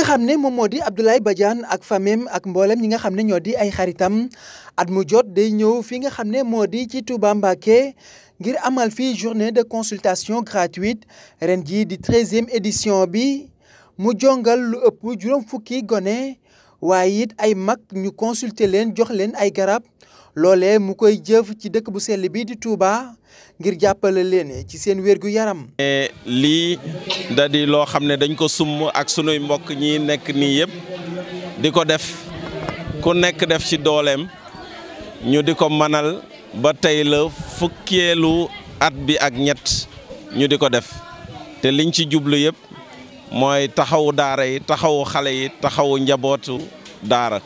nga xam ne moom moo di Abdoulaye Badiane ak famim ak mboolem ñi nga xam ne ñoo di ay xaritam at mu jot day ñëw fi nga xam ne moo di ci Touba Mbacké ngir amal fii journée de consultation gratuite ren jii di treizième édition bi mu jongal lu ëpp juróom fukki gone waaye it ay mag ñu consulter leen jox leen ay garab loole mu koy jëf ci dëkk bu sell bii di Touba ngir jàppale leen ci seen wérgu yaram. lii dadi loo xam ne dañ ko summ ak sunuy mbokk ñi nekk nii yëpp di ko def ku nekk def ci dooleem ñu di ko manal ba tey la fukkeelu at bi ak ñett ñu di ko def te liñ ci jublu yëpp mooy taxawu daara yi taxawu xale yi taxawu njabootu daara.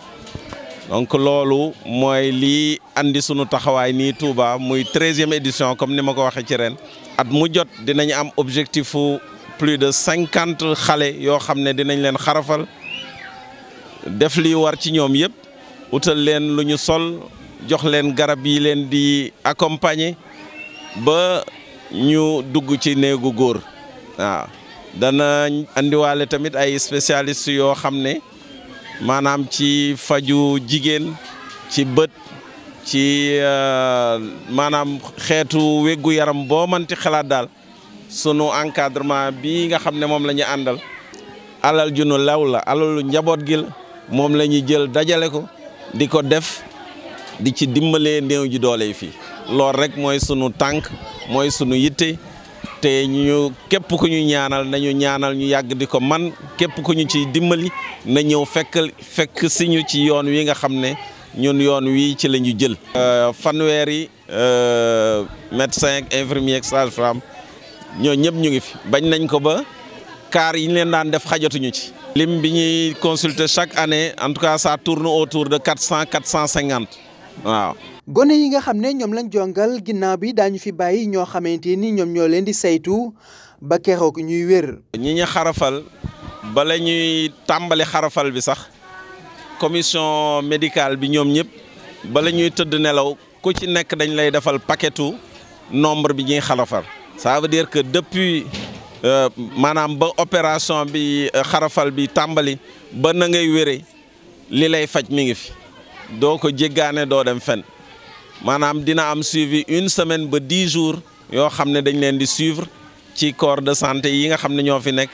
donc loolu mooy lii andi sunu taxawaay nii Touba muy treizième édition comme ni ma ko waxee ci ren at mu jot dinañ am objectif plus de cinquante xale yoo xam ne dinañ leen xarafal def li war ci ñoom yëpp wutal leen lu ñu sol jox leen garab yi leen di accompagner ba ñu dugg ci néegu góor waaw dana andiwaale tamit ay spécialistes yoo xam ne. maanaam ci faju jigéen ci bët ci euh, maanaam xeetu wéggu yaram boo mënti xalaat daal sunu encadrement bi nga xam ne moom la ñu àndal alal junu law la alalu njaboot gi la moom la ñuy jël dajale ko di ko def di ci dimbalee néew ji doole yi fii loolu rek mooy sunu tànk mooy sunu yitte. te ñu képp ku ñu ñaanal nañu ñaanal ñu yàgg di ko man képp ku ñu ci dimbali na ñëw fekk fekk si ñu ci yoon wi nga xam ne ñun yoon wi ci la ñu jël. Euh, fanweeri euh, médecin ak infirmier ak sage-femme ñoo ñëpp ñu ngi fi bañ nañ ko ba kaar yi ñu leen daan def xajatuñu ci. lim bi ñuy consulter chaque année en tout cas ça tourne autour de quatre cent quatre cent cinquante. waaw. gone yi nga xam ne ñoom lañ jongal ginnaaw bi daañu fi bàyyi ñoo xamante ni ñoom ñoo leen di saytu ba keroog ñuy wér. ñi ñu xarafal bala ñuy tàmbali xarafal bi sax commission médicale bi ñoom ñëpp bala ñuy tëdd nelaw ku ci nekk dañ lay defal paquetu nombre bi ñuy xarafal. ça veut dire que depuis euh, maanaam ba opération bi euh, xarafal bi tàmbali ba na ngay wéree li lay faj mi ngi fi. doo ko jéggaane doo dem fen maanaam dina am suivi une semaine ba dix jours yoo xam ne dañ leen di suivre ci corps de santé yi nga xam ne ñoo fi nekk.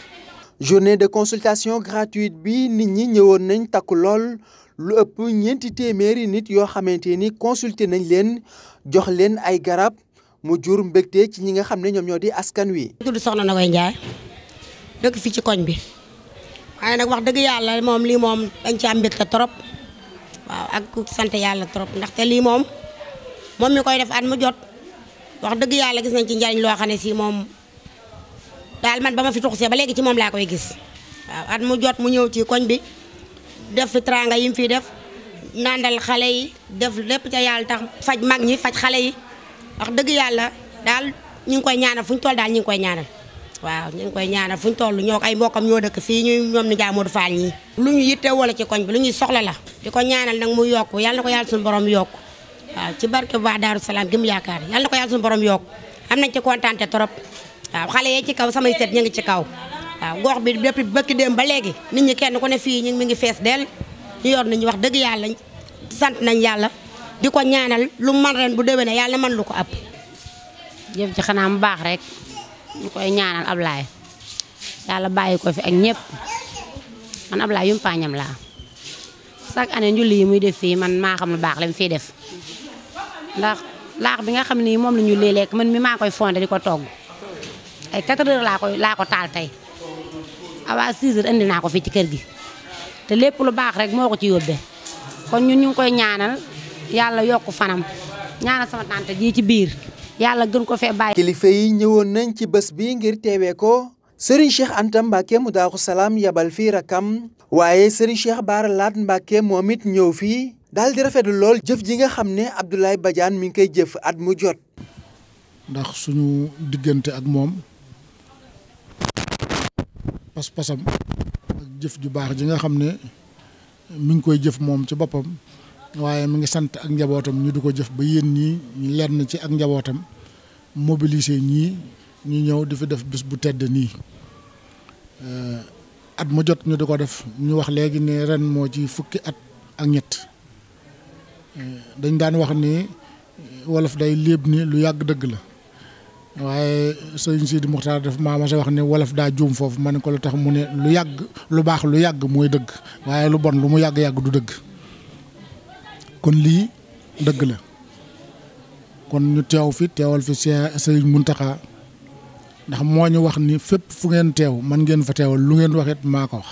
journée de consultation gratuite bi nit ñi ñëwoon nañ takku lool lu ëpp ñeenti téeméeri nit yoo xamante ni consulter nañ leen jox leen ay garab mu jur mbégte ci ñi nga xam ne ñoom ñoo di askan wi. tudd soxna Nakoy Ndiaye dëkk fi ci koñ bi waaye nag wax dëgg yàlla moom lii moom dañ ci am mbégte trop. waaw ak sant yàlla trop ndaxte lii moom moom mi koy def at mu jot wax dëgg yàlla gis nañ ci njariñ loo xam ne si moom daal man ba ma fi tuxusee ba léegi ci moom laa koy gis waaw at mu jot mu ñëw ci koñ bi def fi tranga yi mu fi def nandal xale yi def lépp ca yàlla tax faj mag ñi faj xale yi wax dëgg yàlla daal ñu ngi koy ñaanal fu ñu toll daal ñu ngi koy ñaanal waaw ñu ngi koy ñaanal fu ñu toll ñoo ay mbokkam ñoo dëkk fii ñu ñoom ni jaay Modou Fall ñi lu ñu yitte wala ci koñ bi lu ñuy soxla la di ko ñaanal nag mu yokk yàlla ko yàlla suñu borom yokk waaw ci barke bu baax Salaam gi mu yaakaar yàlla na ko yàlla borom yokk am nañ ci kontaante trop waaw xale yee ci kaw samay set ñu ngi ci kaw waaw gox bi depuis bëkki dem ba léegi nit ñi kenn ku ne fii ñu mi ngi fees del ñu yor nañu wax dëgg yàlla sant nañ yàlla di ko ñaanal lu man ren bu déwénee yàlla na man lu ko ab jëf ci xanaa mu baax rek ñu koy ñaanal Ablaye yàlla bàyyi ko fi ak ñëpp man Ablaye yumpaañam laa chaque année njulli yi muy def fii man maa xam lu baax la mu def ndax laax bi nga xam ni moom la ñu lee lekk man mi maa koy fondé di ko togg ay 4 heures laa koy laa ko taal tey avant 6 heures indi naa ko fii ci kër gi te lépp lu baax rek moo ko ci yóbbee kon ñun ñu koy ñaanal yàlla yokk fanam ñaanal sama tante ji ci biir yàlla gën ko fee bàyyi. kilifa yi ñëwoon nañ ci bés bi ngir teewee ko Serigne Cheikh Anta Mbacke mu Salaam yabal fii rakkam waaye Serigne Cheikh Bara Laat Mbacke ñëw fii daal di rafetlu lool jëf ji nga xam ne Abdoulaye Badiane mi ngi koy jëf at mu jot. ndax suñu diggante ak moom pas-pasam ak jëf ju baax ji nga xam ne mu ngi koy jëf moom ci boppam. waaye mu ngi sant ak njabootam ñu di ko jëf ba yéen ñii lenn ci ak njabootam mobiliser ñii ñu ñëw di fi def bis bu tedd nii eh, at mu jot ñu di ko def ñu wax léegi ne ren moo ci fukki at ak ñett eh, dañ daan wax ni eh, wolof day léeb ni lu yàgg dëgg la waaye sëñ Sidi Muxtaar daf maa ma sa wax ne wolof daa juum foofu ma ne ko lu tax mu ne lu yàgg lu baax lu yàgg mooy dëgg waaye lu bon lu mu yàgg-yàgg du dëgg kon lii dëgg la kon ñu teew fi teewal fi Sëriñ taxa ndax moo ñu wax ni fépp fu ngeen teew man ngeen fa teewal lu ngeen waxit maa ko wax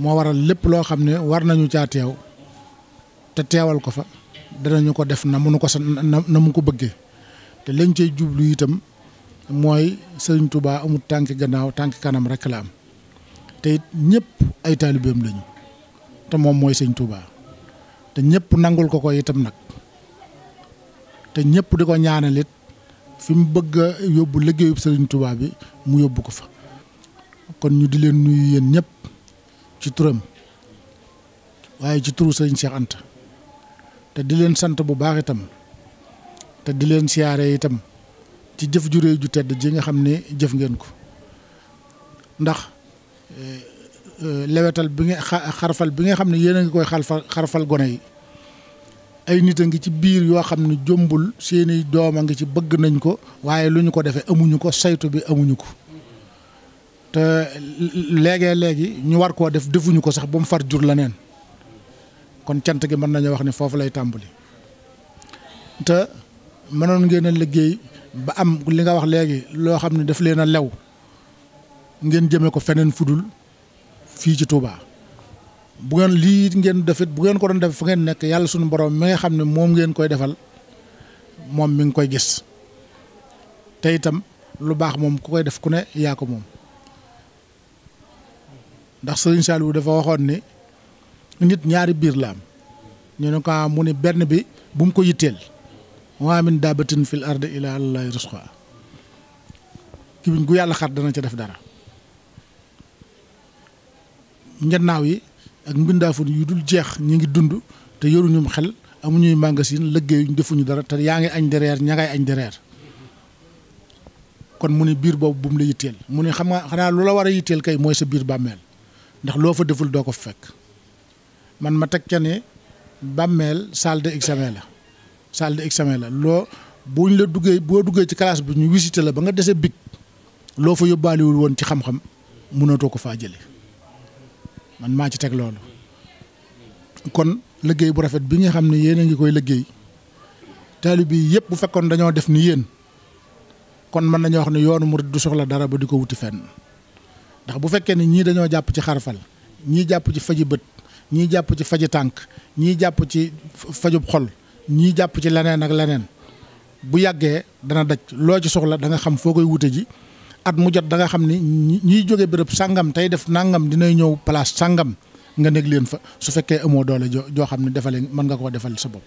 moo waral lépp loo xam ne war nañu caa teew te teewal ko fa danañu ko def na munu ko sa na mu ko bëggee te lañ cay jublu itam mooy Sëriñ tubaa amul tànki gannaaw tànki kanam rekk la am te ñépp ñëpp ay taalibeem lañu te moom mooy sëñ Touba te ñëpp nangul ko ko itam nag te ñëpp di ko ñaanal it fi mu bëgg yóbbu liggéeyub sëriñ Touba bi mu yóbbu ko fa kon ñu di leen nuyu yéen ñëpp ci turam waaye ci turu sëriñ Cheikh te di leen sant bu baax itam te di leen siyaare itam ci jëf ju ju tedd ji nga xam ne jëf ngeen ko ndax eh, Euh, lewetal bi nga xarfal bi nga xam ne yéen a ngi koy xarfal xarfal gone yi ay nit a ngi ci biir yoo xam ne jombul seeni doom a ngi ci bëgg nañ ko waaye lu ñu ko defee amuñu ko saytu bi amuñu ko te léegee léegi ñu war koo def defuñu ko sax ba mu far jur la neen kon cant gi mën nañoo wax ne foofu lay tàmbali te mënoon ngeen a liggéey ba am li nga wax léegi loo xam ne daf leen a lew ngeen jëmee ko feneen fudul fii ci Touba bu ngeen lii ngeen dafit bu ngeen ko doon def fu ngeen nekk yàlla suñu borom mi nga xam ne moom ngeen koy defal moom mi ngi koy gis te itam lu baax moom ku koy def ku ne yaa ko moom ndax Sëriñ Saliou dafa waxoon ni nit ñaari biir la am ñu ne ko ah, mu ne benn bi bu mu ko yitteel wa min daabatin fil ardi ila allahi risqa ki biñ gu yàlla xar dana ca def dara njannaaw yi ak mbindaafun yu dul jeex ñi ngi dund te yoruñum xel amuñuy magasin liggéeyuñ defuñu dara te yaa ngi añ dereer ña añ dereer kon mu ne biir boobu bu la yitteel mu ne xam nga xanaa lu la war a yitteel kay mooy sa biir bàmmeel ndax loo fa deful doo ko fekk man ma teg ca ne bàmmeel salle d'examen la salle d'examen la loo buñ la duggee boo duggee ci classe bi ñu visité la ba nga desee big loo fa yóbbaaliwul woon ci xam-xam mënatoo ko faa man maa ci teg loolu kon liggéey bu rafet bi nga xam ne yéen a ngi koy liggéey taalib yi yëpp bu fekkoon dañoo def ni yéen kon mën nañoo wax ne yoonu murid du soxla dara ba di ko wuti fenn ndax bu fekkee ni ñii dañoo jàpp ci xarfal ñii jàpp ci faji bët ñii jàpp ci faji tànk ñii jàpp ci fajub xol ñii jàpp ci leneen ak leneen bu yàggee dana daj loo ci soxla danga xam foo koy wute ji at mu jot da nga xam ni ñiy jóge bërëb sàngam tey def nàngam dinay ñëw place sàngam nga nekk leen fa su fekkee amoo doole joo xam ne defale mën nga koo defal sa bopp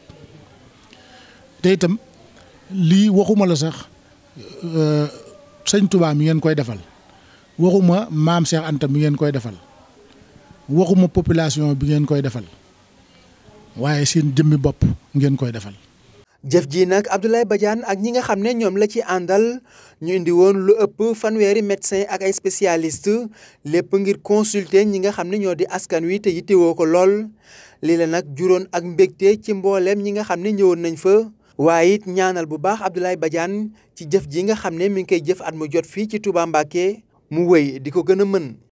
te itam lii waxuma la sax euh, sëñ Tuubaa mi ngeen koy defal waxuma maam Cheikh Anta mi ngeen koy defal waxuma population bi ngeen koy defal waaye seen jëmmi bopp ngeen koy defal jëf ji nag Abdoulaye Badiane ak ñi nga xam ne ñoom la ci àndal ñu indi woon lu ëpp fanweeri médecin ak ay spécialiste lépp ngir consulter ñi nga xam ne ñoo di askan wi te yittewoo ko lool lii la nag juróon ak mbégte ci mbooleem ñi nga xam ne ñëwoon nañu fa waaye it ñaanal bu baax Abdoulaye Badiane ci jëf ji nga xam ne mi ngi koy jëf at mu jot fii ci Touba Mbacké mu wéy di ko gën a mën